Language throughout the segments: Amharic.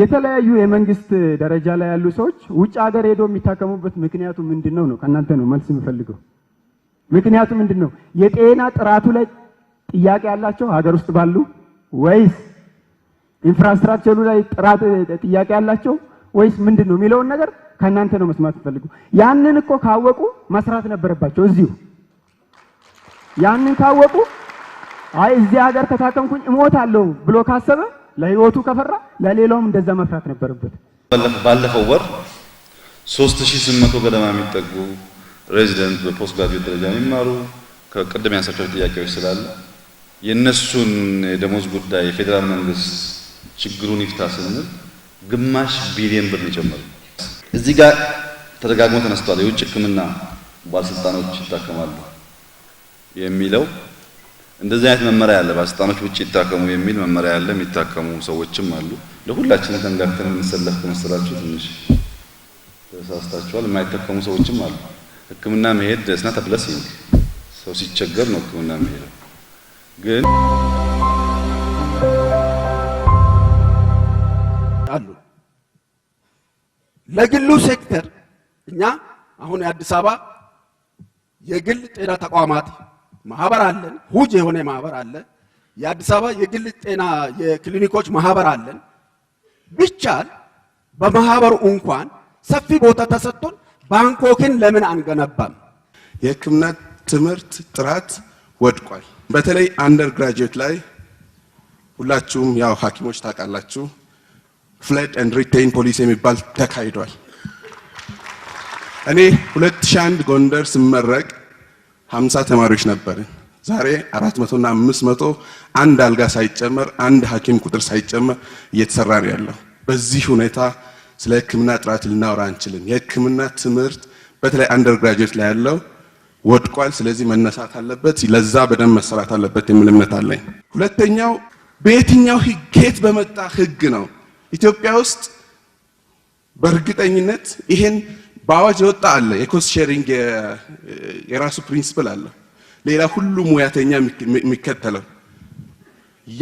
የተለያዩ የመንግስት ደረጃ ላይ ያሉ ሰዎች ውጭ ሀገር ሄዶ የሚታከሙበት ምክንያቱ ምንድን ነው ነው ከእናንተ ነው መልስ የምፈልገው። ምክንያቱ ምንድን ነው? የጤና ጥራቱ ላይ ጥያቄ ያላቸው ሀገር ውስጥ ባሉ ወይስ ኢንፍራስትራክቸሩ ላይ ጥራት ጥያቄ ያላቸው ወይስ ምንድን ነው የሚለውን ነገር ከእናንተ ነው መስማት የምፈልገው። ያንን እኮ ካወቁ መስራት ነበረባቸው እዚሁ። ያንን ካወቁ አይ እዚህ ሀገር ከታከምኩኝ እሞታለሁ ብሎ ካሰበ ለህይወቱ ከፈራ ለሌላውም እንደዛ መፍራት ነበረበት። ባለፈው ወር 3800 ገደማ የሚጠጉ ሬዚደንት በፖስት ግራጁዌት ደረጃ የሚማሩ ከቅድም ያነሳቸው ጥያቄዎች ስላለ የእነሱን የደሞዝ ጉዳይ የፌዴራል መንግስት ችግሩን ይፍታ ስንል ግማሽ ቢሊየን ብር ይጨምራል። እዚህ ጋር ተደጋግሞ ተነስቷል። የውጭ ሕክምና ባለስልጣኖች ይታከማሉ የሚለው እንደዚህ አይነት መመሪያ አለ። ባለስልጣኖች ውጭ ይታከሙ የሚል መመሪያ አለ። የሚታከሙ ሰዎችም አሉ። ለሁላችንም ተንጋግተን የምንሰለፍ ከመሰላችሁ ትንሽ ተሳስታችኋል። የማይታከሙ ሰዎችም አሉ። ሕክምና መሄድ ደስና ይሄ ሰው ሲቸገር ነው ሕክምና መሄድ ግን አሉ ለግሉ ሴክተር እኛ አሁን የአዲስ አበባ የግል ጤና ተቋማት ማህበር አለን። ሁጅ የሆነ ማህበር አለ። የአዲስ አበባ የግል ጤና የክሊኒኮች ማህበር አለን። ቢቻል በማህበሩ እንኳን ሰፊ ቦታ ተሰጥቶን ባንኮክን ለምን አንገነባም? የሕክምና ትምህርት ጥራት ወድቋል። በተለይ አንደር ግራጁዌት ላይ ሁላችሁም ያው ሐኪሞች ታውቃላችሁ፣ ፍለድ ኤንድ ሪቴን ፖሊሲ የሚባል ተካሂዷል። እኔ 2001 ጎንደር ስመረቅ ሀምሳ ተማሪዎች ነበርን። ዛሬ 400 መቶና 500 አንድ አልጋ ሳይጨመር አንድ ሐኪም ቁጥር ሳይጨመር እየተሰራ ነው ያለው። በዚህ ሁኔታ ስለ ሕክምና ጥራት ልናወራ አንችልም። የሕክምና ትምህርት በተለይ አንደር ግራጁዌት ላይ ያለው ወድቋል። ስለዚህ መነሳት አለበት፣ ለዛ በደንብ መሰራት አለበት የሚል እምነት አለኝ። ሁለተኛው በየትኛው ህግ በመጣ ህግ ነው ኢትዮጵያ ውስጥ በእርግጠኝነት ይሄን በአዋጅ የወጣ አለ። የኮስት ሼሪንግ የራሱ ፕሪንሲፕል አለ፣ ሌላ ሁሉ ሙያተኛ የሚከተለው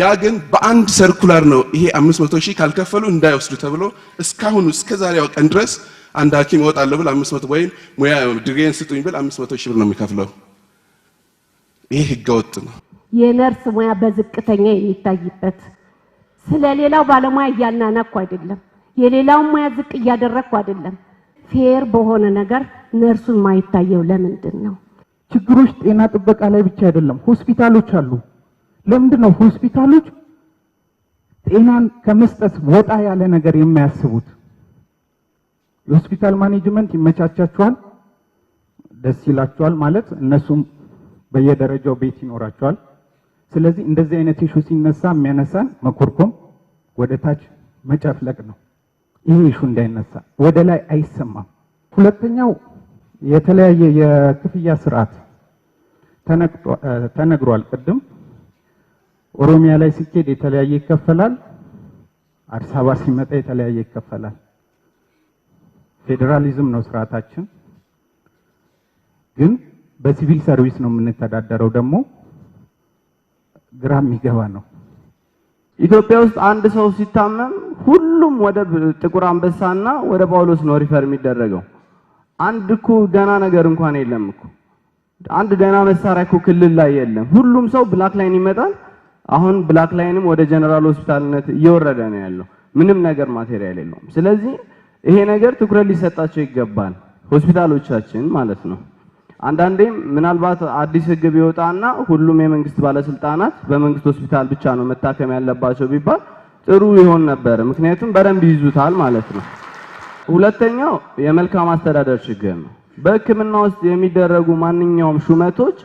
ያ ግን በአንድ ሰርኩላር ነው። ይሄ 500 ሺህ ካልከፈሉ እንዳይወስዱ ተብሎ እስካሁን እስከ ዛሬው ቀን ድረስ አንድ ሐኪም እወጣለሁ ብል 500 ወይም ሙያ ድሬን ስጡኝ ብል 500 ሺህ ብር ነው የሚከፍለው። ይሄ ወጥ ነው። የነርስ ሙያ በዝቅተኛ የሚታይበት ስለሌላው ባለሙያ እያናናኩ አይደለም፣ የሌላውን ሙያ ዝቅ እያደረግኩ አይደለም ፌር በሆነ ነገር ነርሱን ማይታየው ለምንድን ነው? ችግሮች ጤና ጥበቃ ላይ ብቻ አይደለም፣ ሆስፒታሎች አሉ። ለምንድን ነው ሆስፒታሎች ጤናን ከመስጠት ወጣ ያለ ነገር የማያስቡት? የሆስፒታል ማኔጅመንት ይመቻቻቸዋል፣ ደስ ይላቸዋል። ማለት እነሱም በየደረጃው ቤት ይኖራቸዋል። ስለዚህ እንደዚህ አይነት ኢሹ ሲነሳ የሚያነሳን መኮርኮም፣ ወደ ታች መጨፍለቅ ነው። ይህ እንዳይነሳ ወደ ላይ አይሰማም። ሁለተኛው የተለያየ የክፍያ ስርዓት ተነግሯል። ቅድም ኦሮሚያ ላይ ሲኬድ የተለያየ ይከፈላል፣ አዲስ አበባ ሲመጣ የተለያየ ይከፈላል። ፌዴራሊዝም ነው ስርዓታችን። ግን በሲቪል ሰርቪስ ነው የምንተዳደረው ደግሞ ግራ የሚገባ ነው። ኢትዮጵያ ውስጥ አንድ ሰው ሲታመም ሁሉም ወደ ጥቁር አንበሳና ወደ ጳውሎስ ነው ሪፈር የሚደረገው። አንድ እኮ ደህና ነገር እንኳን የለም እኮ አንድ ደህና መሳሪያ እኮ ክልል ላይ የለም። ሁሉም ሰው ብላክ ላይን ይመጣል። አሁን ብላክ ላይንም ወደ ጀነራል ሆስፒታልነት እየወረደ ነው ያለው። ምንም ነገር ማቴሪያል የለውም። ስለዚህ ይሄ ነገር ትኩረት ሊሰጣቸው ይገባል፣ ሆስፒታሎቻችን ማለት ነው። አንዳንዴም ምናልባት አዲስ ህግ ቢወጣና ሁሉም የመንግስት ባለስልጣናት በመንግስት ሆስፒታል ብቻ ነው መታከም ያለባቸው ቢባል ጥሩ ይሆን ነበር። ምክንያቱም በደንብ ይይዙታል ማለት ነው። ሁለተኛው የመልካም አስተዳደር ችግር ነው። በህክምና ውስጥ የሚደረጉ ማንኛውም ሹመቶች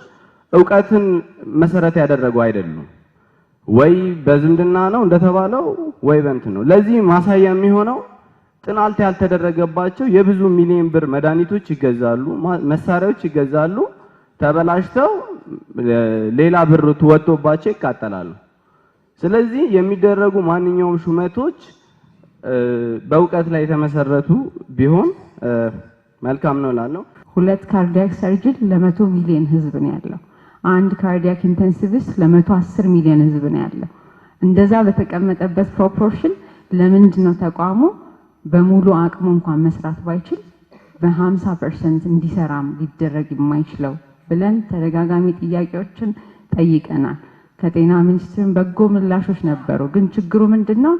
እውቀትን መሰረት ያደረጉ አይደሉም። ወይ በዝምድና ነው እንደተባለው፣ ወይ በእንትን ነው። ለዚህ ማሳያ የሚሆነው ጥናት ያልተደረገባቸው የብዙ ሚሊዮን ብር መድኃኒቶች ይገዛሉ፣ መሳሪያዎች ይገዛሉ። ተበላሽተው ሌላ ብር ወጥቶባቸው ይቃጠላሉ። ስለዚህ የሚደረጉ ማንኛውም ሹመቶች በእውቀት ላይ የተመሰረቱ ቢሆን መልካም ነው እላለሁ። ሁለት ካርዲያክ ሰርጅን ለመቶ ሚሊዮን ህዝብ ነው ያለው። አንድ ካርዲያክ ኢንተንሲቪስት ለመቶ አስር ሚሊዮን ህዝብ ነው ያለው። እንደዛ በተቀመጠበት ፕሮፖርሽን ለምንድን ነው ተቋሙ በሙሉ አቅሙ እንኳን መስራት ባይችል በሀምሳ ፐርሰንት እንዲሰራም ሊደረግ የማይችለው ብለን ተደጋጋሚ ጥያቄዎችን ጠይቀናል። ከጤና ሚኒስትርን በጎ ምላሾች ነበሩ። ግን ችግሩ ምንድን ነው?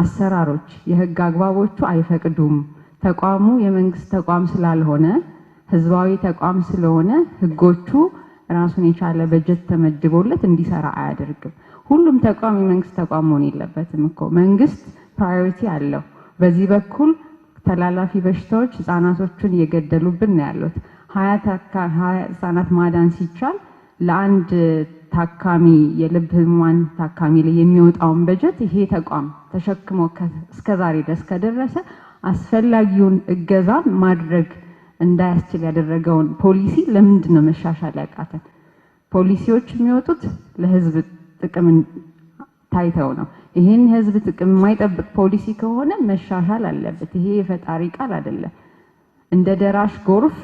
አሰራሮች፣ የህግ አግባቦቹ አይፈቅዱም። ተቋሙ የመንግስት ተቋም ስላልሆነ ህዝባዊ ተቋም ስለሆነ ህጎቹ ራሱን የቻለ በጀት ተመድቦለት እንዲሰራ አያደርግም። ሁሉም ተቋም የመንግስት ተቋም መሆን የለበትም እኮ መንግስት ፕራዮሪቲ አለው። በዚህ በኩል ተላላፊ በሽታዎች ህጻናቶቹን እየገደሉብን ነው ያሉት። ሀያ ህጻናት ማዳን ሲቻል ለአንድ ታካሚ የልብ ህሙማን ታካሚ ላይ የሚወጣውን በጀት ይሄ ተቋም ተሸክሞ እስከዛሬ ድረስ ከደረሰ አስፈላጊውን እገዛን ማድረግ እንዳያስችል ያደረገውን ፖሊሲ ለምንድን ነው መሻሻል ያቃተን? ፖሊሲዎች የሚወጡት ለህዝብ ጥቅም ታይተው ነው። ይህን ህዝብ ጥቅም የማይጠብቅ ፖሊሲ ከሆነ መሻሻል አለበት። ይሄ የፈጣሪ ቃል አይደለም። እንደ ደራሽ ጎርፍ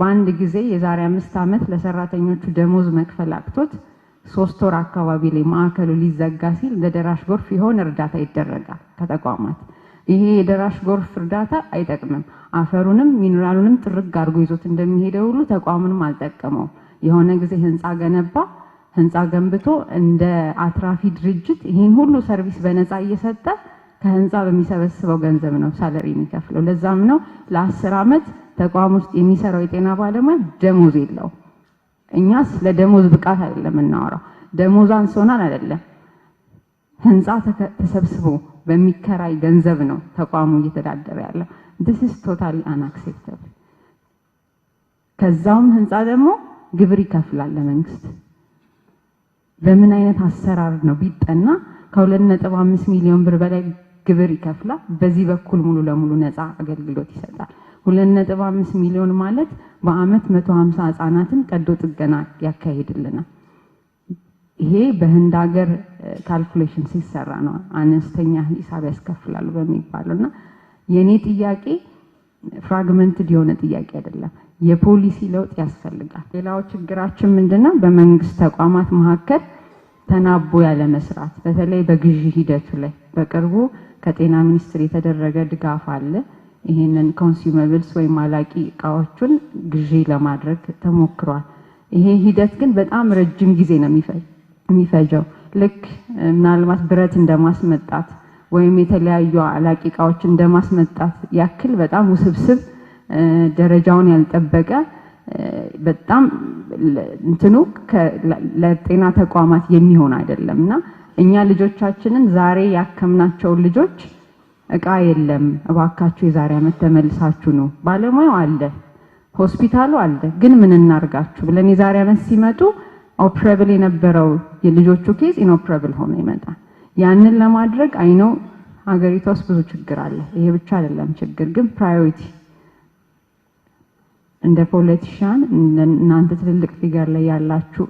በአንድ ጊዜ የዛሬ አምስት ዓመት ለሰራተኞቹ ደሞዝ መክፈል አቅቶት ሶስት ወር አካባቢ ላይ ማዕከሉ ሊዘጋ ሲል እንደ ደራሽ ጎርፍ የሆነ እርዳታ ይደረጋል ከተቋማት። ይሄ የደራሽ ጎርፍ እርዳታ አይጠቅምም። አፈሩንም ሚኒራሉንም ጥርግ አድርጎ ይዞት እንደሚሄደ ሁሉ ተቋሙንም አልጠቀመው። የሆነ ጊዜ ህንፃ ገነባ ህንፃ ገንብቶ እንደ አትራፊ ድርጅት ይህን ሁሉ ሰርቪስ በነፃ እየሰጠ ከህንፃ በሚሰበስበው ገንዘብ ነው ሳለሪ የሚከፍለው። ለዛም ነው ለአስር ዓመት ተቋም ውስጥ የሚሰራው የጤና ባለሙያ ደሞዝ የለው። እኛ ስለ ደሞዝ ብቃት አይደለም እናወራው ደሞዝ አንሶናል አይደለም። ህንፃ ተሰብስቦ በሚከራይ ገንዘብ ነው ተቋሙ እየተዳደረ ያለው። ስ is totally ከዛውም ህንፃ ደግሞ ግብር ይከፍላል ለመንግስት በምን አይነት አሰራር ነው ቢጠና ከ2.5 ሚሊዮን ብር በላይ ግብር ይከፍላል። በዚህ በኩል ሙሉ ለሙሉ ነፃ አገልግሎት ይሰጣል። 25 ሚሊዮን ማለት በአመት 150 ህጻናትን ቀዶ ጥገና ያካሄድልናል። ይሄ በህንድ ሀገር ካልኩሌሽን ሲሰራ ነው አነስተኛ ሂሳብ ያስከፍላሉ በሚባለው እና የእኔ ጥያቄ ፍራግመንትድ የሆነ ጥያቄ አይደለም። የፖሊሲ ለውጥ ያስፈልጋል። ሌላው ችግራችን ምንድነው? በመንግስት ተቋማት መካከል ተናቦ ያለ መስራት፣ በተለይ በግዢ ሂደቱ ላይ በቅርቡ ከጤና ሚኒስቴር የተደረገ ድጋፍ አለ። ይሄንን ኮንሱመብልስ ወይም አላቂ እቃዎቹን ግዢ ለማድረግ ተሞክሯል። ይሄ ሂደት ግን በጣም ረጅም ጊዜ ነው የሚፈጀው። ልክ ምናልባት ብረት እንደማስመጣት ወይም የተለያዩ አላቂ እቃዎች እንደማስመጣት ያክል በጣም ውስብስብ ደረጃውን ያልጠበቀ በጣም እንትኑ ለጤና ተቋማት የሚሆን አይደለም እና እኛ ልጆቻችንን ዛሬ ያከምናቸውን ልጆች እቃ የለም እባካችሁ የዛሬ ዓመት ተመልሳችሁ ነው ባለሙያው አለ ሆስፒታሉ አለ ግን ምን እናርጋችሁ ብለን የዛሬ ዓመት ሲመጡ ኦፕረብል የነበረው የልጆቹ ኬዝ ኢንኦፕረብል ሆኖ ይመጣል። ያንን ለማድረግ አይነው ሀገሪቷ ውስጥ ብዙ ችግር አለ። ይሄ ብቻ አይደለም ችግር ግን ፕራዮሪቲ እንደ ፖለቲሻን እናንተ ትልልቅ ፊገር ላይ ያላችሁ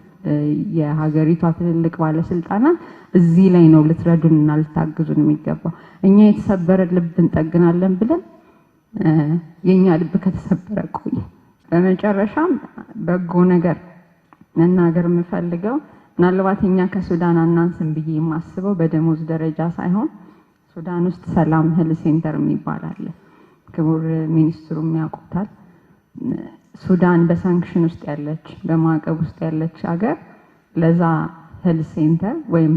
የሀገሪቷ ትልልቅ ባለስልጣናት እዚህ ላይ ነው ልትረዱንና ልታግዙን የሚገባው። እኛ የተሰበረ ልብ እንጠግናለን ብለን የእኛ ልብ ከተሰበረ ቆይ። በመጨረሻም በጎ ነገር መናገር የምፈልገው ምናልባት እኛ ከሱዳን አናንስም ብዬ የማስበው በደሞዝ ደረጃ ሳይሆን ሱዳን ውስጥ ሰላም ህል ሴንተር የሚባል አለ። ክቡር ሚኒስትሩም ያውቁታል። ሱዳን በሳንክሽን ውስጥ ያለች በማዕቀብ ውስጥ ያለች ሀገር ለዛ ህል ሴንተር ወይም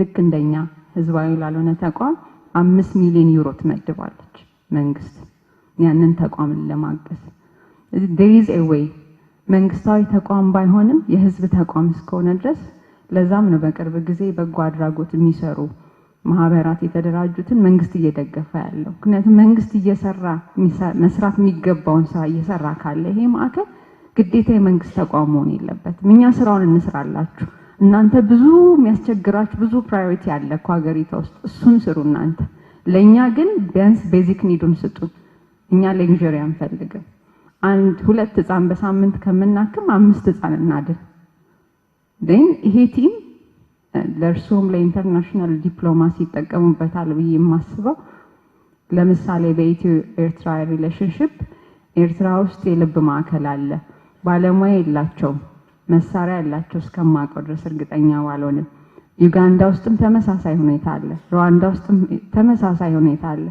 ልክ እንደኛ ህዝባዊ ላልሆነ ተቋም አምስት ሚሊዮን ዩሮ ትመድባለች መንግስት ያንን ተቋምን ለማገዝ ዴር ወይ መንግስታዊ ተቋም ባይሆንም የህዝብ ተቋም እስከሆነ ድረስ ለዛም ነው በቅርብ ጊዜ በጎ አድራጎት የሚሰሩ ማህበራት የተደራጁትን መንግስት እየደገፈ ያለው ምክንያቱም መንግስት እየሰራ መስራት የሚገባውን ስራ እየሰራ ካለ ይሄ ማዕከል ግዴታ የመንግስት ተቋም መሆን የለበትም። እኛ ስራውን እንስራላችሁ፣ እናንተ ብዙ የሚያስቸግራችሁ ብዙ ፕራዮሪቲ አለ እኮ ሀገሪቷ ውስጥ እሱን ስሩ እናንተ። ለእኛ ግን ቢያንስ ቤዚክ ኒዱን ስጡን። እኛ ሌንጀሪ አንፈልግም። አንድ ሁለት ህፃን በሳምንት ከምናክም አምስት ህፃን እናድን። ይሄ ቲም ለእርሱም ለኢንተርናሽናል ዲፕሎማሲ ይጠቀሙበታል ብዬ የማስበው ለምሳሌ በኢትዮ ኤርትራ ሪሌሽንሽፕ ኤርትራ ውስጥ የልብ ማዕከል አለ። ባለሙያ የላቸውም፣ መሳሪያ ያላቸው እስከማውቀው ድረስ እርግጠኛ ባልሆንም፣ ዩጋንዳ ውስጥም ተመሳሳይ ሁኔታ አለ። ሩዋንዳ ውስጥም ተመሳሳይ ሁኔታ አለ።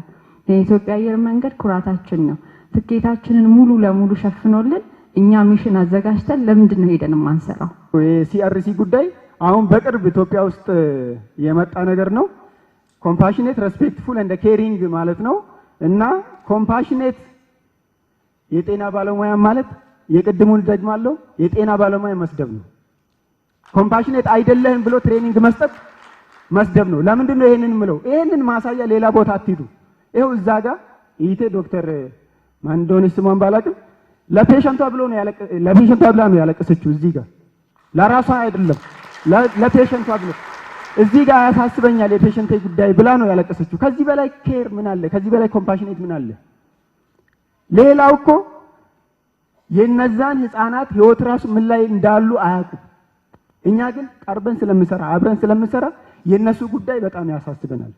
የኢትዮጵያ አየር መንገድ ኩራታችን ነው። ትኬታችንን ሙሉ ለሙሉ ሸፍኖልን እኛ ሚሽን አዘጋጅተን ለምንድን ነው ሄደን የማንሰራው? የሲአርሲ ጉዳይ አሁን በቅርብ ኢትዮጵያ ውስጥ የመጣ ነገር ነው። ኮምፓሽኔት ሬስፔክትፉል እንደ ኬሪንግ ማለት ነው እና ኮምፓሽኔት የጤና ባለሙያ ማለት የቅድሙን ደግማለሁ፣ የጤና ባለሙያ መስደብ ነው። ኮምፓሽኔት አይደለህም ብሎ ትሬኒንግ መስጠት መስደብ ነው። ለምንድን ነው ይሄንን ምለው? ይሄንን ማሳያ ሌላ ቦታ አትሂዱ። ይሄው እዛ ጋር ይቴ ዶክተር ማን እንደሆነች ስሟን ባላቅም ለፔሸንቷ ብሎ ነው ያለቀ ለፔሸንቷ ብላ ነው ያለቀሰችው እዚህ ጋር ለራሷ አይደለም። ለፔሸንቱ አግሎት እዚህ ጋር ያሳስበኛል የፔሸንቴ ጉዳይ ብላ ነው ያለቀሰችው። ከዚህ በላይ ኬር ምን አለ? ከዚህ በላይ ኮምፓሽኔት ምን አለ? ሌላው እኮ የነዛን ህፃናት ህይወት ራሱ ምን ላይ እንዳሉ አያውቁም። እኛ ግን ቀርበን ስለምሰራ አብረን ስለምሰራ የእነሱ ጉዳይ በጣም ያሳስበናል።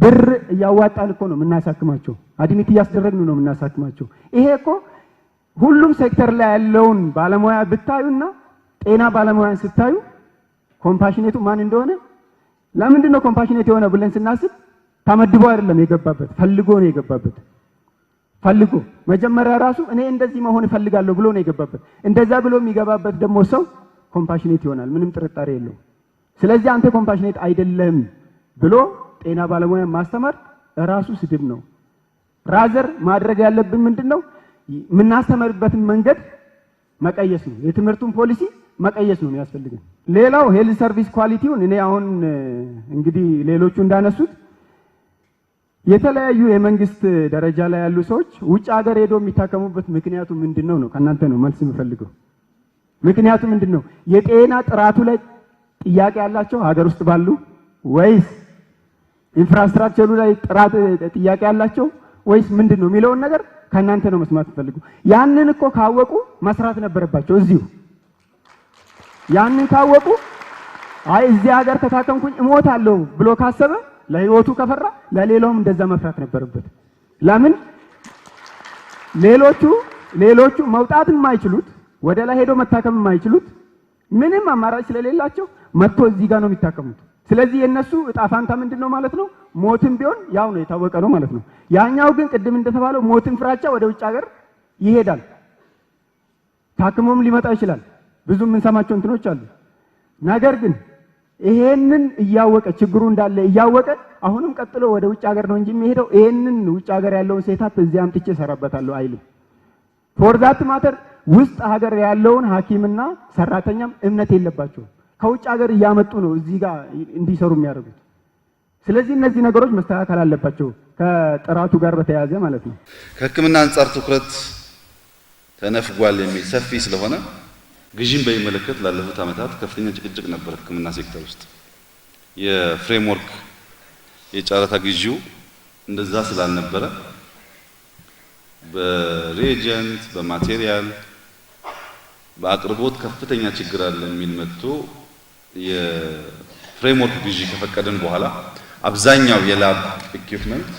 ብር እያዋጣን እኮ ነው የምናሳክማቸው፣ አድሚት እያስደረግን ነው የምናሳክማቸው። ይሄ እኮ ሁሉም ሴክተር ላይ ያለውን ባለሙያ ብታዩና ጤና ባለሙያን ስታዩ ኮምፓሽኔቱ ማን እንደሆነ ለምንድን ነው ኮምፓሽኔት የሆነ ብለን ስናስብ ተመድቦ አይደለም የገባበት፣ ፈልጎ ነው የገባበት። ፈልጎ መጀመሪያ ራሱ እኔ እንደዚህ መሆን እፈልጋለሁ ብሎ ነው የገባበት። እንደዛ ብሎ የሚገባበት ደግሞ ሰው ኮምፓሽኔት ይሆናል፣ ምንም ጥርጣሬ የለው። ስለዚህ አንተ ኮምፓሽኔት አይደለም ብሎ ጤና ባለሙያ ማስተማር ራሱ ስድብ ነው። ራዘር ማድረግ ያለብን ምንድን ነው የምናስተምርበትን መንገድ መቀየስ ነው የትምህርቱን ፖሊሲ መቀየስ ነው የሚያስፈልገን። ሌላው ሄልዝ ሰርቪስ ኳሊቲውን እኔ አሁን እንግዲህ ሌሎቹ እንዳነሱት የተለያዩ የመንግስት ደረጃ ላይ ያሉ ሰዎች ውጭ ሀገር ሄዶ የሚታከሙበት ምክንያቱ ምንድን ነው ነው ከእናንተ ነው መልስ የምፈልገው። ምክንያቱ ምንድን ነው? የጤና ጥራቱ ላይ ጥያቄ ያላቸው ሀገር ውስጥ ባሉ ወይስ ኢንፍራስትራክቸሩ ላይ ጥራት ጥያቄ ያላቸው ወይስ ምንድን ነው የሚለውን ነገር ከእናንተ ነው መስማት የምፈልገው። ያንን እኮ ካወቁ መስራት ነበረባቸው እዚሁ ያንን ካወቁ አይ እዚህ ሀገር ከታከምኩኝ እሞታለሁ ብሎ ካሰበ ለህይወቱ ከፈራ ለሌላውም እንደዛ መፍራት ነበረበት። ለምን ሌሎቹ ሌሎቹ መውጣት የማይችሉት ወደ ላይ ሄዶ መታከም የማይችሉት ምንም አማራጭ ስለሌላቸው መጥቶ እዚህ ጋር ነው የሚታከሙት። ስለዚህ የነሱ እጣ ፋንታ ምንድን ነው ማለት ነው? ሞትም ቢሆን ያው ነው የታወቀ ነው ማለት ነው። ያኛው ግን ቅድም እንደተባለው ሞትን ፍራቻ ወደ ውጭ ሀገር ይሄዳል፣ ታክሞም ሊመጣ ይችላል። ብዙ የምንሰማቸው እንትኖች አሉ። ነገር ግን ይሄንን እያወቀ ችግሩ እንዳለ እያወቀ አሁንም ቀጥሎ ወደ ውጭ ሀገር ነው እንጂ የሚሄደው ይሄንን ውጭ ሀገር ያለውን ሴታፕ እዚህ አምጥቼ እሰራበታለሁ አይልም። ፎር ዛት ማተር ውስጥ ሀገር ያለውን ሐኪምና ሰራተኛም እምነት የለባቸውም። ከውጭ ሀገር እያመጡ ነው እዚህ ጋር እንዲሰሩ የሚያደርጉት። ስለዚህ እነዚህ ነገሮች መስተካከል አለባቸው ከጥራቱ ጋር በተያያዘ ማለት ነው። ከሕክምና አንጻር ትኩረት ተነፍጓል የሚል ሰፊ ስለሆነ ግዥን በሚመለከት ላለፉት ዓመታት ከፍተኛ ጭቅጭቅ ነበር ሕክምና ሴክተር ውስጥ። የፍሬምወርክ የጨረታ ግዢው እንደዛ ስላልነበረ በሬጀንት በማቴሪያል በአቅርቦት ከፍተኛ ችግር አለ የሚል መጥቶ የፍሬምወርክ ግዢ ከፈቀደን በኋላ አብዛኛው የላብ ኢኩፕመንት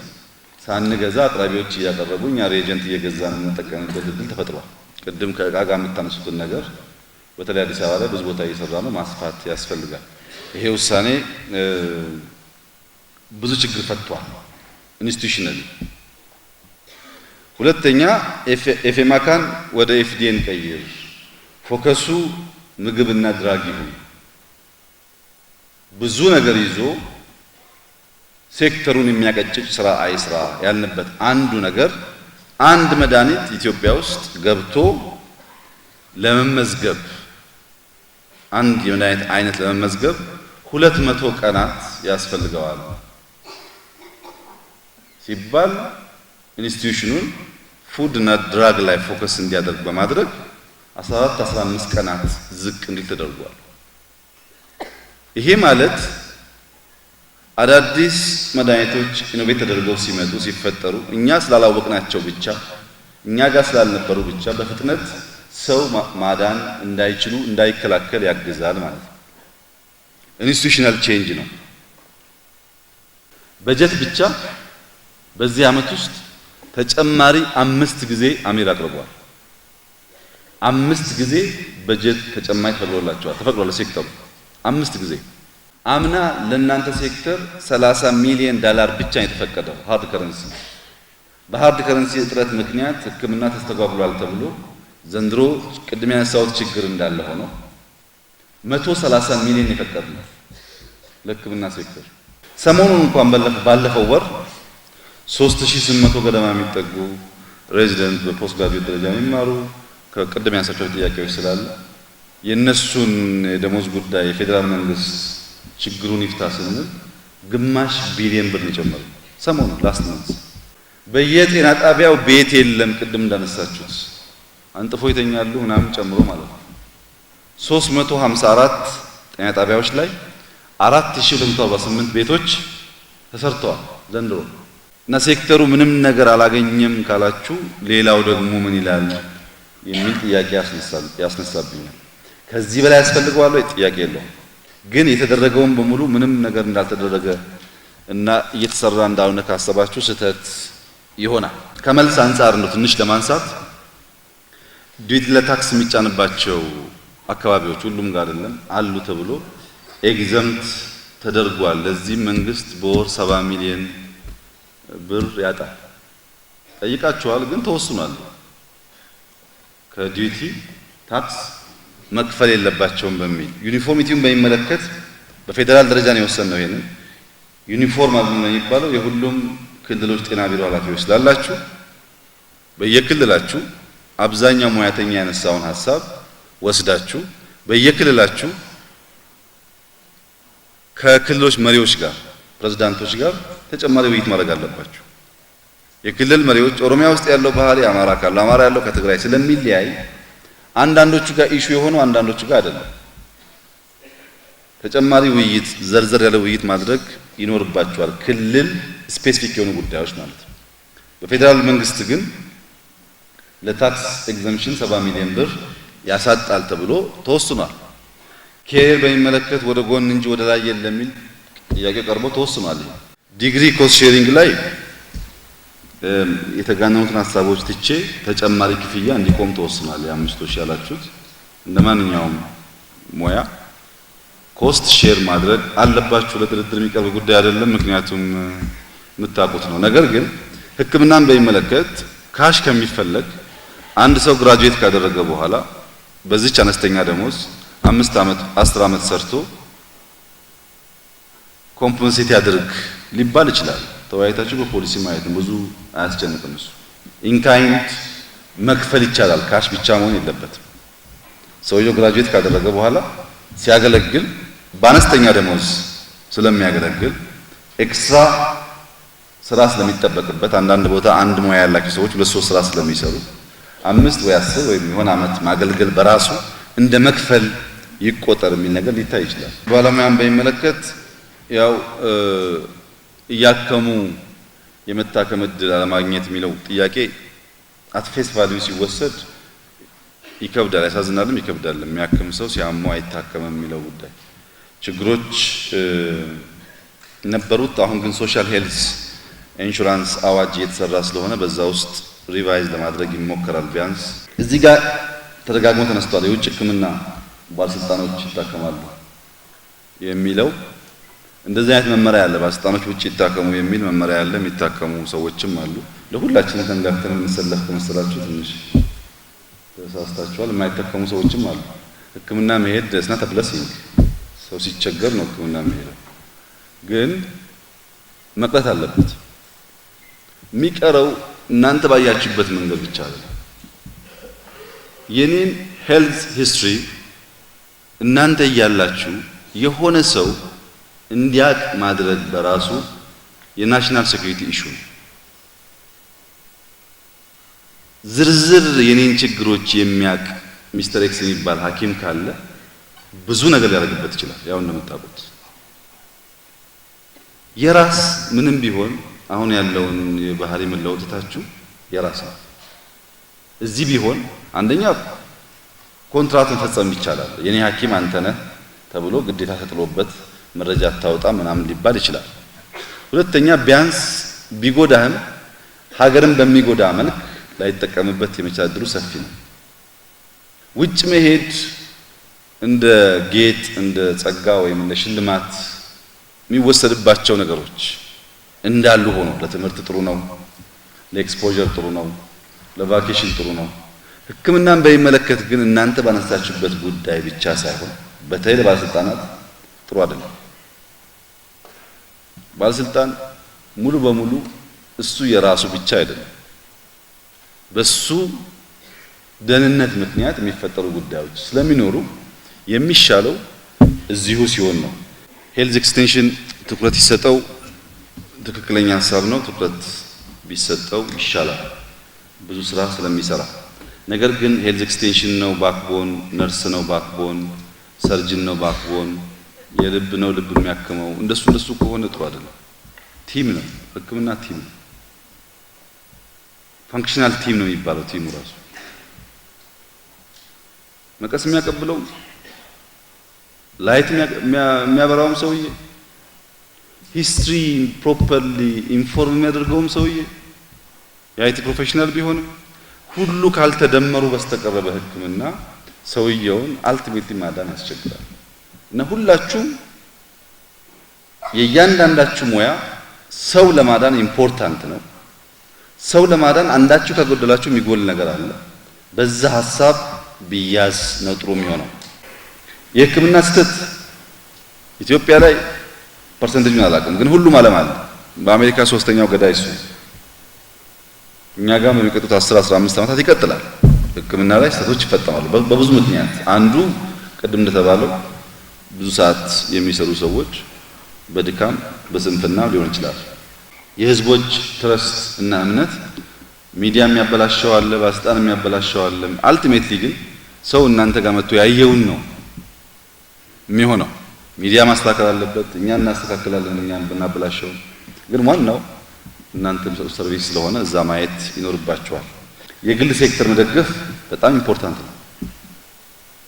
ሳንገዛ አቅራቢዎች እያቀረቡ እኛ ሬጀንት እየገዛን የምንጠቀምበት እድል ተፈጥሯል። ቅድም ከእቃ ጋር የምታነሱትን ነገር በተለይ አዲስ አበባ ላይ ብዙ ቦታ እየሰራ ነው። ማስፋት ያስፈልጋል። ይሄ ውሳኔ ብዙ ችግር ፈቷል ኢንስቲቱሽናል። ሁለተኛ ኤፌማካን ወደ ኤፍዲኤን ቀይር፣ ፎከሱ ምግብና ድራግ ይሁን። ብዙ ነገር ይዞ ሴክተሩን የሚያቀጭጭ ስራ አይስራ ያልንበት አንዱ ነገር አንድ መድኃኒት ኢትዮጵያ ውስጥ ገብቶ ለመመዝገብ አንድ የመድኃኒት አይነት ለመመዝገብ ሁለት መቶ ቀናት ያስፈልገዋል ሲባል ኢንስቲትዩሽኑን ፉድ እና ድራግ ላይ ፎከስ እንዲያደርግ በማድረግ 14 15 ቀናት ዝቅ እንዲል ተደርጓል። ይሄ ማለት አዳዲስ መድኃኒቶች ኢኖቬት ተደርገው ሲመጡ ሲፈጠሩ እኛ ስላላወቅናቸው ብቻ እኛ ጋር ስላልነበሩ ብቻ በፍጥነት ሰው ማዳን እንዳይችሉ እንዳይከላከል ያግዛል ማለት ነው። ኢንስቲቱሽናል ቼንጅ ነው። በጀት ብቻ በዚህ ዓመት ውስጥ ተጨማሪ አምስት ጊዜ አሚር አቅርቧል። አምስት ጊዜ በጀት ተጨማሪ ተፈቅዶላቸዋል ተፈቅዶላል ሴክተሩ አምስት ጊዜ አምና ለእናንተ ሴክተር 30 ሚሊዮን ዶላር ብቻ የተፈቀደው ሃርድ ከረንሲ በሃርድ ከረንሲ እጥረት ምክንያት ሕክምና ተስተጓጉሏል ተብሎ ዘንድሮ ቅድም ያነሳሁት ችግር እንዳለ ሆኖ 130 ሚሊዮን ነው ለህክምና ሴክተር ሰሞኑን እንኳን ባለፈው ወር 3800 ገደማ የሚጠጉ ሬዚደንት በፖስት ግራጁዌት ደረጃ የሚማሩ ከቅድም ያነሳቸው ጥያቄዎች ስላለ የእነሱን የደሞዝ ጉዳይ የፌዴራል መንግስት ችግሩን ይፍታ ስንል ግማሽ ቢሊዮን ብር ይጨምራል። ሰሞኑን ላስት መንት በየጤና ጣቢያው ቤት የለም። ቅድም እንዳነሳችሁት አንጥፎ ይተኛሉ ምናምን ጨምሮ ማለት ነው። 354 ጤና ጣቢያዎች ላይ 4248 ቤቶች ተሰርተዋል ዘንድሮ እና ሴክተሩ ምንም ነገር አላገኘም ካላችሁ ሌላው ደግሞ ምን ይላል የሚል ጥያቄ ያስነሳል ያስነሳብኛል። ከዚህ በላይ ያስፈልገዋል ወይ? ጥያቄ የለውም። ግን የተደረገውን በሙሉ ምንም ነገር እንዳልተደረገ እና እየተሰራ እንዳልሆነ ካሰባችሁ ስህተት ይሆናል። ከመልስ አንጻር ነው ትንሽ ለማንሳት ዲዩቲ ለታክስ የሚጫንባቸው አካባቢዎች ሁሉም ጋር አይደለም አሉ ተብሎ ኤግዘምት ተደርጓል። ለዚህም መንግስት በወር 70 ሚሊዮን ብር ያጣል። ጠይቃቸዋል፣ ግን ተወስኗል። ከዲዩቲ ታክስ መክፈል የለባቸውም በሚል ዩኒፎርሚቲውን በሚመለከት በፌዴራል ደረጃ ነው የወሰንነው። ይሄንን ዩኒፎርም አብነ የሚባለው የሁሉም ክልሎች ጤና ቢሮ ኃላፊዎች ስላላችሁ በየክልላችሁ አብዛኛው ሙያተኛ ያነሳውን ሀሳብ ወስዳችሁ በየክልላችሁ ከክልሎች መሪዎች ጋር ፕሬዝዳንቶች ጋር ተጨማሪ ውይይት ማድረግ አለባችሁ። የክልል መሪዎች ኦሮሚያ ውስጥ ያለው ባህል የአማራ ካለው አማራ ያለው ከትግራይ ስለሚለያይ አንዳንዶቹ ጋር ኢሹ የሆነው አንዳንዶቹ ጋር አይደለም። ተጨማሪ ውይይት ዘርዘር ያለ ውይይት ማድረግ ይኖርባቸዋል። ክልል ስፔሲፊክ የሆኑ ጉዳዮች ማለት ነው። በፌዴራል መንግስት ግን ለታክስ ኤግዘምሽን 70 ሚሊዮን ብር ያሳጣል ተብሎ ተወስኗል። ኬር በሚመለከት ወደ ጎን እንጂ ወደ ላይ የለም የሚል ጥያቄ ቀርቦ ተወስኗል። ዲግሪ ኮስት ሼሪንግ ላይ የተጋነኑትን ሀሳቦች ትቼ ተጨማሪ ክፍያ እንዲቆም ተወስኗል። የአምስት ሺህ ያላችሁት እንደ ማንኛውም ሙያ ኮስት ሼር ማድረግ አለባችሁ። ለድርድር የሚቀርብ ጉዳይ አይደለም፣ ምክንያቱም የምታውቁት ነው። ነገር ግን ሕክምናን በሚመለከት ካሽ ከሚፈለግ አንድ ሰው ግራጁዌት ካደረገ በኋላ በዚች አነስተኛ ደሞዝ አምስት ዓመት አስር ዓመት ሰርቶ ኮምፐንሴት ያድርግ ሊባል ይችላል። ተወያይታችሁ በፖሊሲ ማየት ነው። ብዙ አያስጨንቅም። እሱ ኢንካይንድ መክፈል ይቻላል። ካሽ ብቻ መሆን የለበትም። ሰውየው ግራጁዌት ካደረገ በኋላ ሲያገለግል በአነስተኛ ደሞዝ ስለሚያገለግል ኤክስትራ ስራ ስለሚጠበቅበት አንዳንድ ቦታ አንድ ሙያ ያላቸው ሰዎች በሶስት ስራ ስለሚሰሩ አምስት ወይ አስር ወይም የሆነ አመት ማገልገል በራሱ እንደ መክፈል ይቆጠር የሚል ነገር ሊታይ ይችላል። ባለሙያን በሚመለከት ያው እያከሙ የመታከም እድል አለማግኘት የሚለው ጥያቄ አትፌስ ቫልዩ ሲወሰድ ይከብዳል፣ ያሳዝናልም ይከብዳል። የሚያክም ሰው ሲያሙ አይታከምም የሚለው ጉዳይ ችግሮች ነበሩት። አሁን ግን ሶሻል ሄልዝ ኢንሹራንስ አዋጅ እየተሰራ ስለሆነ በዛ ውስጥ ሪቫይዝ ለማድረግ ይሞከራል። ቢያንስ እዚህ ጋር ተደጋግሞ ተነስቷል። የውጭ ሕክምና ባለስልጣኖች ይታከማሉ የሚለው እንደዚህ አይነት መመሪያ አለ። ባለስልጣኖች ውጭ ይታከሙ የሚል መመሪያ አለ። የሚታከሙ ሰዎችም አሉ። ለሁላችንም ተንጋግተን የምንሰለፍ ከመሰላችሁ ትንሽ ተሳስታችኋል። የማይታከሙ ሰዎችም አሉ። ሕክምና መሄድ ስናት ብለሲንግ ሰው ሲቸገር ነው ሕክምና መሄደው፣ ግን መቅረት አለበት የሚቀረው እናንተ ባያችሁበት መንገድ ብቻ አይደለም። የኔን ሄልዝ ሂስትሪ እናንተ እያላችሁ የሆነ ሰው እንዲያቅ ማድረግ በራሱ የናሽናል ሴኩሪቲ ኢሹ ነው። ዝርዝር የኔን ችግሮች የሚያቅ ሚስተር ኤክስ የሚባል ሐኪም ካለ ብዙ ነገር ሊያደርግበት ይችላል። ያው እንደምታውቁት የራስ ምንም ቢሆን አሁን ያለውን የባህሪ መለወጥታችሁ የራሳ እዚህ ቢሆን አንደኛ ኮንትራት መፈጸም ይቻላል። የኔ ሐኪም አንተ ነህ ተብሎ ግዴታ ተጥሎበት መረጃ አታወጣ ምናምን ሊባል ይችላል። ሁለተኛ ቢያንስ ቢጎዳህም ሀገርን በሚጎዳ መልክ ላይጠቀምበት የመቻል እድሉ ሰፊ ነው። ውጭ መሄድ እንደ ጌጥ እንደ ጸጋ ወይም እንደ ሽልማት የሚወሰድባቸው ነገሮች እንዳሉ ሆኖ ለትምህርት ጥሩ ነው፣ ለኤክስፖዠር ጥሩ ነው፣ ለቫኬሽን ጥሩ ነው። ሕክምናን በሚመለከት ግን እናንተ ባነሳችሁበት ጉዳይ ብቻ ሳይሆን በተለይ ለባለስልጣናት ጥሩ አይደለም። ባለስልጣን ሙሉ በሙሉ እሱ የራሱ ብቻ አይደለም። በሱ ደህንነት ምክንያት የሚፈጠሩ ጉዳዮች ስለሚኖሩ የሚሻለው እዚሁ ሲሆን ነው። ሄልዝ ኤክስቴንሽን ትኩረት ይሰጠው። ትክክለኛ ሀሳብ ነው። ትኩረት ቢሰጠው ይሻላል ብዙ ስራ ስለሚሰራ። ነገር ግን ሄልዝ ኤክስቴንሽን ነው ባክቦን፣ ነርስ ነው ባክቦን፣ ሰርጅን ነው ባክቦን፣ የልብ ነው ልብ የሚያክመው። እንደሱ እንደሱ ከሆነ ጥሩ አይደለም። ቲም ነው ህክምና ቲም ነው ፋንክሽናል ቲም ነው የሚባለው። ቲሙ ራሱ መቀስ የሚያቀብለው ላይት የሚያበራውም ሰውዬ ሂስትሪ ፕሮፐርሊ ኢንፎርም የሚያደርገውም ሰውዬ የአይቲ ፕሮፌሽናል ቢሆንም ሁሉ ካልተደመሩ በስተቀረ ህክምና ሰውየውን አልቲሜትሊ ማዳን ያስቸግራል። እና ሁላችሁም የእያንዳንዳችሁ ሙያ ሰው ለማዳን ኢምፖርታንት ነው። ሰው ለማዳን አንዳችሁ ከጎደላችሁ የሚጎል ነገር አለ። በዛ ሀሳብ ቢያዝ ነው ጥሩ የሚሆነው። የህክምና ስህተት ኢትዮጵያ ላይ ፐርሰንቴጁን አላውቅም፣ ግን ሁሉም ዓለም አለ። በአሜሪካ ሶስተኛው ገዳይ እሱ። እኛ ጋር በሚቀጡት 10 15 ዓመታት ይቀጥላል። ህክምና ላይ ስህተቶች ይፈጠማሉ በብዙ ምክንያት። አንዱ ቅድም እንደተባለው ብዙ ሰዓት የሚሰሩ ሰዎች በድካም በስንፍና ሊሆን ይችላል። የህዝቦች ትረስት እና እምነት ሚዲያ የሚያበላሸው አለ፣ ባለስልጣን የሚያበላሸው አለ። አልቲሜትሊ ግን ሰው እናንተ ጋር መጥቶ ያየውን ነው የሚሆነው። ሚዲያ ማስተካከል አለበት። እኛ እናስተካክላለን፣ እኛን ብናበላሸው ግን ዋናው እናንተም የምትሰጡት ሰርቪስ ስለሆነ እዛ ማየት ይኖርባቸዋል። የግል ሴክተር መደገፍ በጣም ኢምፖርታንት ነው።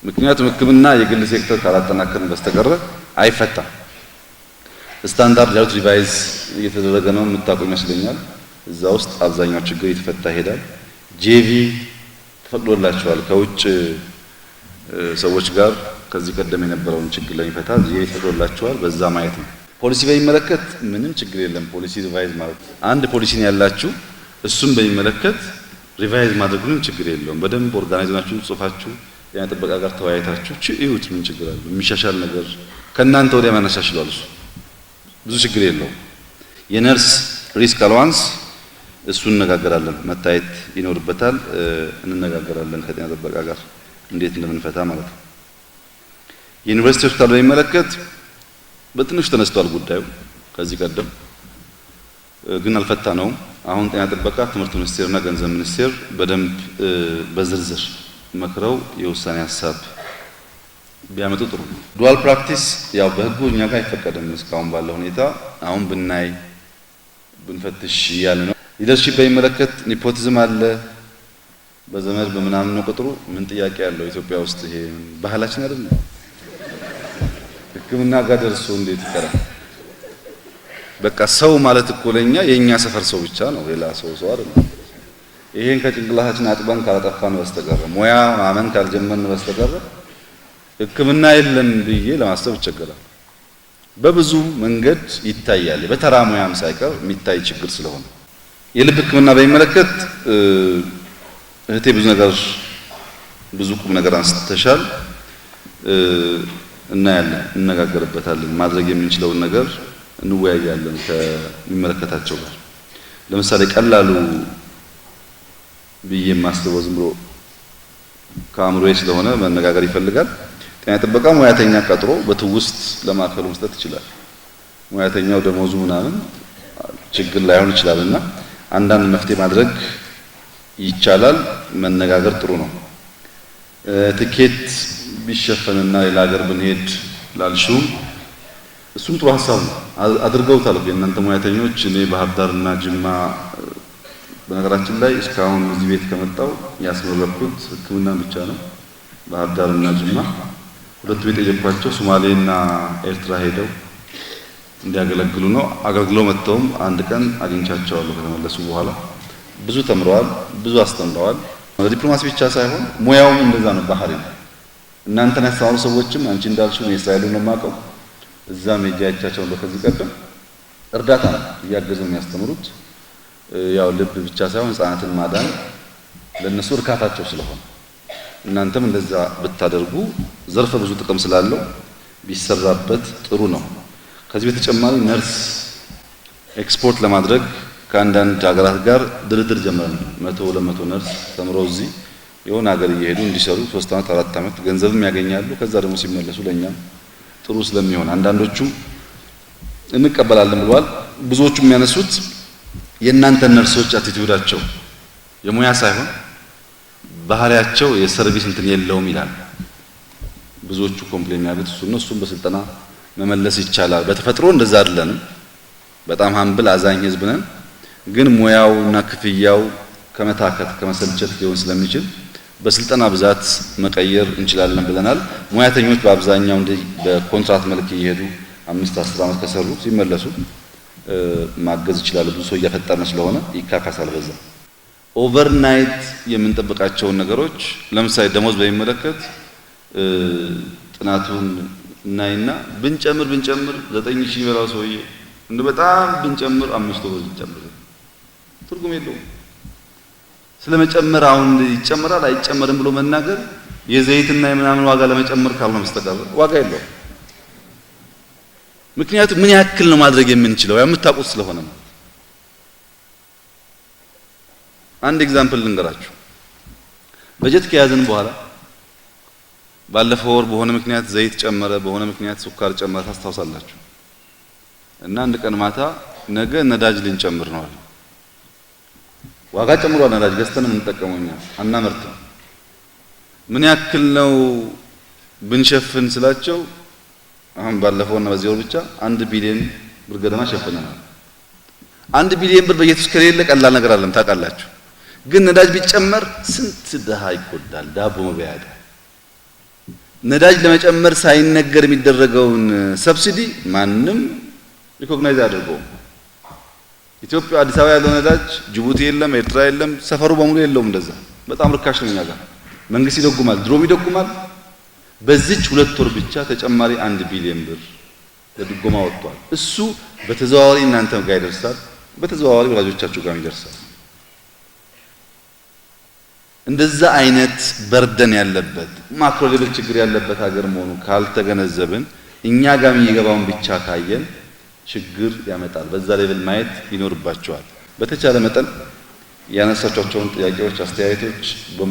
ምክንያቱም ሕክምና የግል ሴክተር ካላጠናከርን በስተቀረ አይፈታም። ስታንዳርድ ያሉት ሪቫይዝ እየተደረገ ነው የምታውቁ ይመስለኛል። እዛ ውስጥ አብዛኛው ችግር እየተፈታ ይሄዳል። ጄቪ ተፈቅዶላቸዋል ከውጭ ሰዎች ጋር ከዚህ ቀደም የነበረውን ችግር ለሚፈታ ይሄ ተዶላቸዋል። በዛ ማየት ነው። ፖሊሲ በሚመለከት ምንም ችግር የለም። ፖሊሲ ሪቫይዝ ማለት አንድ ፖሊሲን ያላችሁ እሱን በሚመለከት ሪቫይዝ ማድረግ ምንም ችግር የለውም። በደንብ ኦርጋናይዝ ናችሁ፣ ጽሁፋችሁ ጤና ጥበቃ ጋር ተወያይታችሁ እዩት። ምን ችግር አለ? የሚሻሻል ነገር ከእናንተ ወዲያ ማናሻሽሏል። እሱ ብዙ ችግር የለውም። የነርስ ሪስክ አላዋንስ እሱ እነጋገራለን፣ መታየት ይኖርበታል። እንነጋገራለን ከጤና ጥበቃ ጋር እንዴት እንደምንፈታ ማለት ነው። ዩኒቨርሲቲ ሆስፒታል በሚመለከት በትንሽ ተነስቷል ጉዳዩ ከዚህ ቀደም ግን አልፈታ ነው። አሁን ጤና ጥበቃ፣ ትምህርት ሚኒስቴርና ገንዘብ ሚኒስቴር በደንብ በዝርዝር መክረው የውሳኔ ሀሳብ ቢያመጡ ጥሩ ነው። ዱዋል ፕራክቲስ ያው በህጉ እኛ ጋር አይፈቀድም እስካሁን ባለው ሁኔታ። አሁን ብናይ ብንፈትሽ እያለ ነው። ሊደርሺፕ በሚመለከት ኒፖቲዝም አለ በዘመድ በምናምን ነው ቁጥሩ። ምን ጥያቄ ያለው ኢትዮጵያ ውስጥ ይሄ ባህላችን አይደለም። ህክምና ጋር ደርሶ እንዴት ይቀራል? በቃ ሰው ማለት እኮ ለኛ የኛ ሰፈር ሰው ብቻ ነው፣ ሌላ ሰው ሰው አይደለም። ይሄን ከጭንቅላታችን አጥበን ካላጠፋን በስተቀር ሙያ ማመን ካልጀመርን በስተቀር ህክምና የለም ብዬ ለማሰብ ይቸገራል። በብዙ መንገድ ይታያል። በተራ ሙያም ሳይቀር የሚታይ ችግር ስለሆነ የልብ ህክምና በሚመለከት እህቴ ብዙ ነገር ብዙ ቁም ነገር አንስተሻል። እናያለን፣ እነጋገርበታለን ማድረግ የምንችለውን ነገር እንወያያለን ከሚመለከታቸው ጋር። ለምሳሌ ቀላሉ ብዬ የማስበው ዝም ብሎ ስለሆነ መነጋገር ይፈልጋል። ጤና ጥበቃ ሙያተኛ ቀጥሮ በትውስት ለማዕከሉ መስጠት ይችላል። ሙያተኛው ደሞዙ ምናምን ችግር ላይሆን ይችላል እና አንዳንድ መፍትሄ ማድረግ ይቻላል። መነጋገር ጥሩ ነው። ትኬት ቢሸፈንና ሌላ ሀገር ብንሄድ ላልሹ እሱም ጥሩ ሀሳብ ነው። አድርገውታል የእናንተ ሙያተኞች። እኔ ባህር ዳርና ጅማ በነገራችን ላይ እስካሁን እዚህ ቤት ከመጣው ያስመረኩት ሕክምና ብቻ ነው። ባህር ዳርና ጅማ ሁለቱ ቤት የጀኳቸው ሶማሌና ኤርትራ ሄደው እንዲያገለግሉ ነው። አገልግለው መጥተውም አንድ ቀን አግኝቻቸዋለሁ። ከተመለሱ በኋላ ብዙ ተምረዋል፣ ብዙ አስተምረዋል። ዲፕሎማሲ ብቻ ሳይሆን ሙያውም እንደዛ ነው ባህሪ ነው። እናንተን ያስተማሩ ሰዎችም አንቺ እንዳልሽው ነው የእስራኤሉን የማውቀው እዛም ሄጄ አይቻቸው በከዚህ ቀደም እርዳታ ነው እያገዙ የሚያስተምሩት። ያው ልብ ብቻ ሳይሆን ህጻናትን ማዳን ለነሱ እርካታቸው ስለሆነ እናንተም እንደዛ ብታደርጉ ዘርፈ ብዙ ጥቅም ስላለው ቢሰራበት ጥሩ ነው። ከዚህ በተጨማሪ ነርስ ኤክስፖርት ለማድረግ ከአንዳንድ ሀገራት ጋር ድርድር ጀምረን መቶ ለመቶ ነርስ ተምሮ እዚህ የሆነ ሀገር እየሄዱ እንዲሰሩ ሶስት አመት አራት አመት ገንዘብም ያገኛሉ። ከዛ ደግሞ ሲመለሱ ለእኛም ጥሩ ስለሚሆን አንዳንዶቹ እንቀበላለን ብለዋል። ብዙዎቹ የሚያነሱት የእናንተ ነርሶች አቲቲዩዳቸው የሙያ ሳይሆን ባህሪያቸው የሰርቪስ እንትን የለውም ይላል። ብዙዎቹ ኮምፕሌን ያሉት እሱ ነው። እሱም በስልጠና መመለስ ይቻላል። በተፈጥሮ እንደዛ አይደለንም። በጣም ሀምብል አዛኝ ህዝብ ነን። ግን ሙያውና ክፍያው ከመታከት ከመሰልቸት ሊሆን ስለሚችል በስልጠና ብዛት መቀየር እንችላለን ብለናል። ሙያተኞች በአብዛኛው እንደ በኮንትራት መልክ እየሄዱ አምስት አስር ዓመት ከሰሩ ሲመለሱ ማገዝ ይችላሉ። ብዙ ሰው እያፈጠነ ስለሆነ ይካካሳል። በዛ ኦቨርናይት የምንጠብቃቸውን ነገሮች ለምሳሌ ደሞዝ በሚመለከት ጥናቱን እናይና ብንጨምር ብንጨምር ዘጠኝ ሺህ ይበላው ሰውዬ እንደ በጣም ብንጨምር አምስት ወር ብንጨምር ትርጉም የለውም። ስለመጨመር አሁን ይጨመራል አይጨመርም ብሎ መናገር የዘይትና የምናምን ዋጋ ለመጨመር ካልሆነ መስተጋብር ዋጋ የለውም። ምክንያቱም ምን ያክል ነው ማድረግ የምንችለው የምታውቁት ስለሆነ ነው። አንድ ኤግዛምፕል ልንገራችሁ። በጀት ከያዝን በኋላ ባለፈው ወር በሆነ ምክንያት ዘይት ጨመረ፣ በሆነ ምክንያት ሱካር ጨመረ ታስታውሳላችሁ። እና አንድ ቀን ማታ ነገ ነዳጅ ልንጨምር ነው አለ ዋጋ ጨምሯል። ነዳጅ ገዝተን የምንጠቀመው እኛ አናመርትም። ምን ያክል ነው ብንሸፍን ስላቸው አሁን ባለፈውና በዚህ ወር ብቻ አንድ ቢሊዮን ብር ገደማ ሸፍነናል። አንድ ቢሊዮን ብር በየት ውስጥ ከሌለ ቀላል ነገር አለም ታውቃላችሁ። ግን ነዳጅ ቢጨመር ስንት ድሃ ይጎዳል። ዳቦ መብያ ነዳጅ ለመጨመር ሳይነገር የሚደረገውን ሰብሲዲ ማንም ሪኮግናይዝ አድርገውም ኢትዮጵያ አዲስ አበባ ያለው ነዳጅ ጅቡቲ የለም፣ ኤርትራ የለም፣ ሰፈሩ በሙሉ የለውም። እንደዛ በጣም ርካሽ ነው እኛ ጋር። መንግስት ይደጉማል፣ ድሮም ይደጉማል። በዚች ሁለት ወር ብቻ ተጨማሪ አንድ ቢሊዮን ብር ለድጎማ ወጥቷል። እሱ በተዘዋዋሪ እናንተ ጋር ይደርሳል፣ በተዘዋዋሪ ወላጆቻችሁ ጋር ይደርሳል። እንደዛ አይነት በርደን ያለበት ማክሮ ሌቭል ችግር ያለበት ሀገር መሆኑ ካልተገነዘብን እኛ ጋር የሚገባውን ብቻ ካየን ችግር ያመጣል። በዛ ሌቭል ማየት ይኖርባቸዋል። በተቻለ መጠን ያነሳቸውን ጥያቄዎች፣ አስተያየቶች በሙሉ